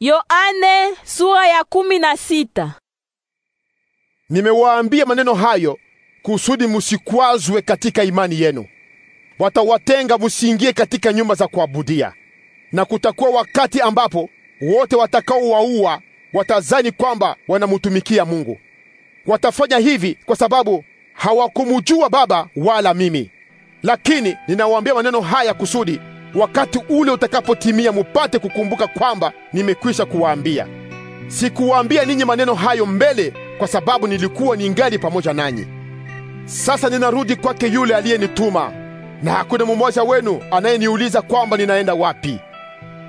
Yoane sura ya kumi na sita. Nimewaambia maneno hayo kusudi musikwazwe katika imani yenu. Watawatenga musiingie katika nyumba za kuabudia, na kutakuwa wakati ambapo wote watakaowaua watazani kwamba wanamutumikia Mungu. Watafanya hivi kwa sababu hawakumjua Baba wala mimi. Lakini ninawaambia maneno haya kusudi wakati ule utakapotimia, mupate kukumbuka kwamba nimekwisha kuwaambia. Sikuwaambia ninyi maneno hayo mbele, kwa sababu nilikuwa ningali pamoja nanyi. Sasa ninarudi kwake yule aliyenituma, na hakuna mmoja wenu anayeniuliza kwamba ninaenda wapi.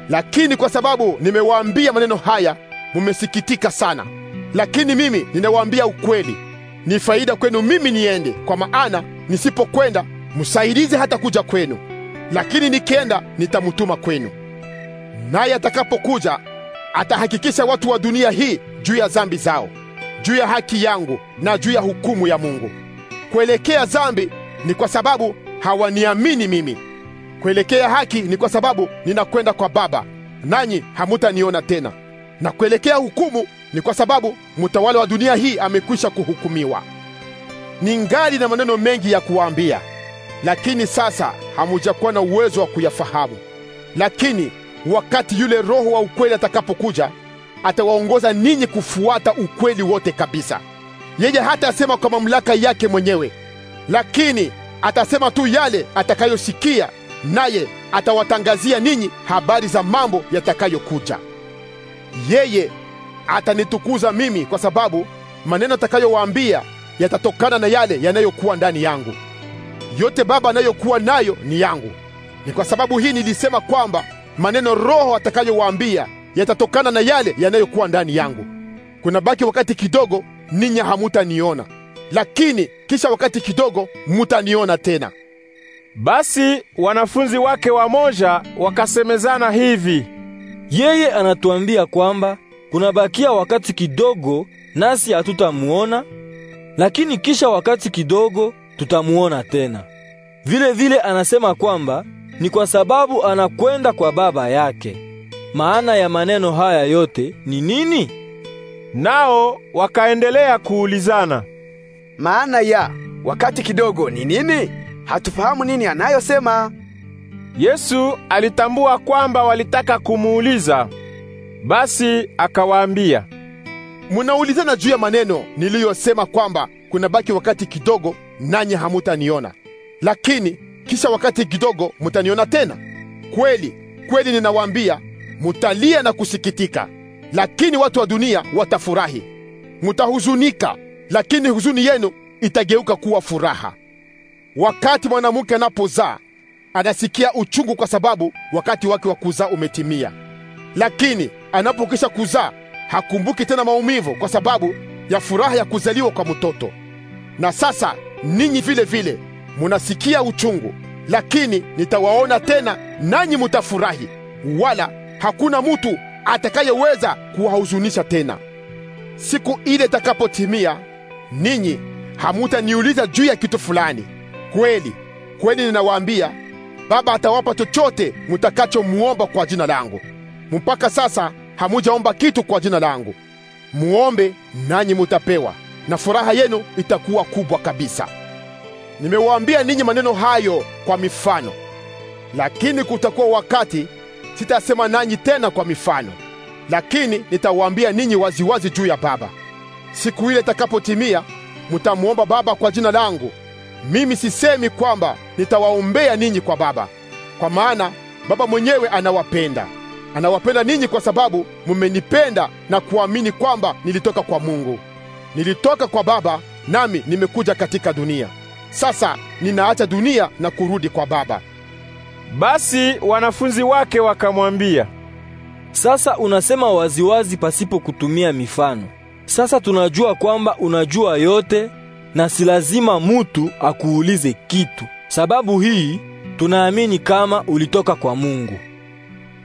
Lakini kwa sababu nimewaambia maneno haya, mumesikitika sana. Lakini mimi ninawaambia ukweli, ni faida kwenu mimi niende, kwa maana nisipokwenda msaidizi hata kuja kwenu lakini nikienda nitamutuma kwenu. Naye atakapokuja atahakikisha watu wa dunia hii juu ya zambi zao, juu ya haki yangu na juu ya hukumu ya Mungu. Kuelekea dhambi ni kwa sababu hawaniamini mimi. Kuelekea haki ni kwa sababu ninakwenda kwa Baba, nanyi hamutaniona tena. Na kuelekea hukumu ni kwa sababu mtawala wa dunia hii amekwisha kuhukumiwa. Ningali na maneno mengi ya kuwaambia lakini sasa hamujakuwa na uwezo wa kuyafahamu. Lakini wakati yule Roho wa ukweli atakapokuja, atawaongoza ninyi kufuata ukweli wote kabisa. Yeye hatasema kwa mamlaka yake mwenyewe, lakini atasema tu yale atakayosikia, naye atawatangazia ninyi habari za mambo yatakayokuja. Yeye atanitukuza mimi, kwa sababu maneno atakayowaambia yatatokana na yale yanayokuwa ndani yangu yote Baba anayokuwa nayo ni yangu. Ni kwa sababu hii nilisema kwamba maneno Roho atakayowaambia yatatokana na yale yanayokuwa ndani yangu. Kuna baki wakati kidogo, ninyi hamutaniona, lakini kisha wakati kidogo mutaniona tena. Basi wanafunzi wake wamoja wakasemezana hivi, yeye anatuambia kwamba kunabakia wakati kidogo nasi hatutamuona, lakini kisha wakati kidogo tutamuona tena. Vile vile anasema kwamba ni kwa sababu anakwenda kwa Baba yake. Maana ya maneno haya yote ni nini? Nao wakaendelea kuulizana. Maana ya wakati kidogo ni nini? Hatufahamu nini anayosema. Yesu alitambua kwamba walitaka kumuuliza. Basi akawaambia, munaulizana juu ya maneno niliyosema kwamba kuna baki wakati kidogo nanyi hamutaniona, lakini kisha wakati kidogo mutaniona tena. Kweli kweli ninawaambia, mutalia na kusikitika, lakini watu wa dunia watafurahi. Mutahuzunika, lakini huzuni yenu itageuka kuwa furaha. Wakati mwanamke anapozaa anasikia uchungu, kwa sababu wakati wake wa kuzaa umetimia, lakini anapokisha kuzaa hakumbuki tena maumivu, kwa sababu ya furaha ya kuzaliwa kwa mtoto. Na sasa ninyi vile vile munasikia uchungu, lakini nitawaona tena, nanyi mutafurahi, wala hakuna mutu atakayeweza kuwahuzunisha tena. Siku ile itakapotimia, ninyi hamutaniuliza juu ya kitu fulani. Kweli kweli ninawaambia, Baba atawapa chochote mutakachomwomba kwa jina langu. Mpaka sasa hamujaomba kitu kwa jina langu. Muombe nanyi mutapewa na furaha yenu itakuwa kubwa kabisa. Nimewaambia ninyi maneno hayo kwa mifano, lakini kutakuwa wakati sitasema nanyi tena kwa mifano, lakini nitawaambia ninyi waziwazi juu ya Baba. Siku ile itakapotimia, mtamwomba Baba kwa jina langu. Mimi sisemi kwamba nitawaombea ninyi kwa Baba, kwa maana Baba mwenyewe anawapenda. Anawapenda ninyi kwa sababu mumenipenda na kuamini kwamba nilitoka kwa Mungu. Nilitoka kwa Baba nami nimekuja katika dunia. Sasa ninaacha dunia na kurudi kwa Baba. Basi wanafunzi wake wakamwambia, sasa unasema waziwazi pasipo kutumia mifano. Sasa tunajua kwamba unajua yote na si lazima mutu akuulize kitu. Sababu hii tunaamini kama ulitoka kwa Mungu.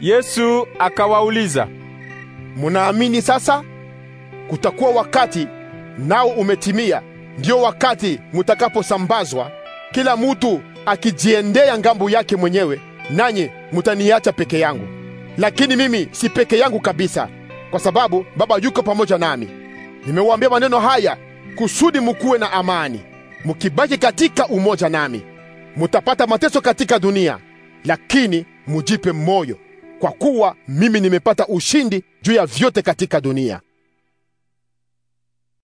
Yesu akawauliza, munaamini sasa? Kutakuwa wakati nao umetimia, ndio wakati mutakaposambazwa, kila mutu akijiendea ngambo yake mwenyewe, nanyi mutaniacha peke yangu. Lakini mimi si peke yangu kabisa, kwa sababu Baba yuko pamoja nami. Nimewaambia maneno haya kusudi mukuwe na amani. Mukibaki katika umoja nami, mutapata mateso katika dunia, lakini mujipe moyo, kwa kuwa mimi nimepata ushindi juu ya vyote katika dunia.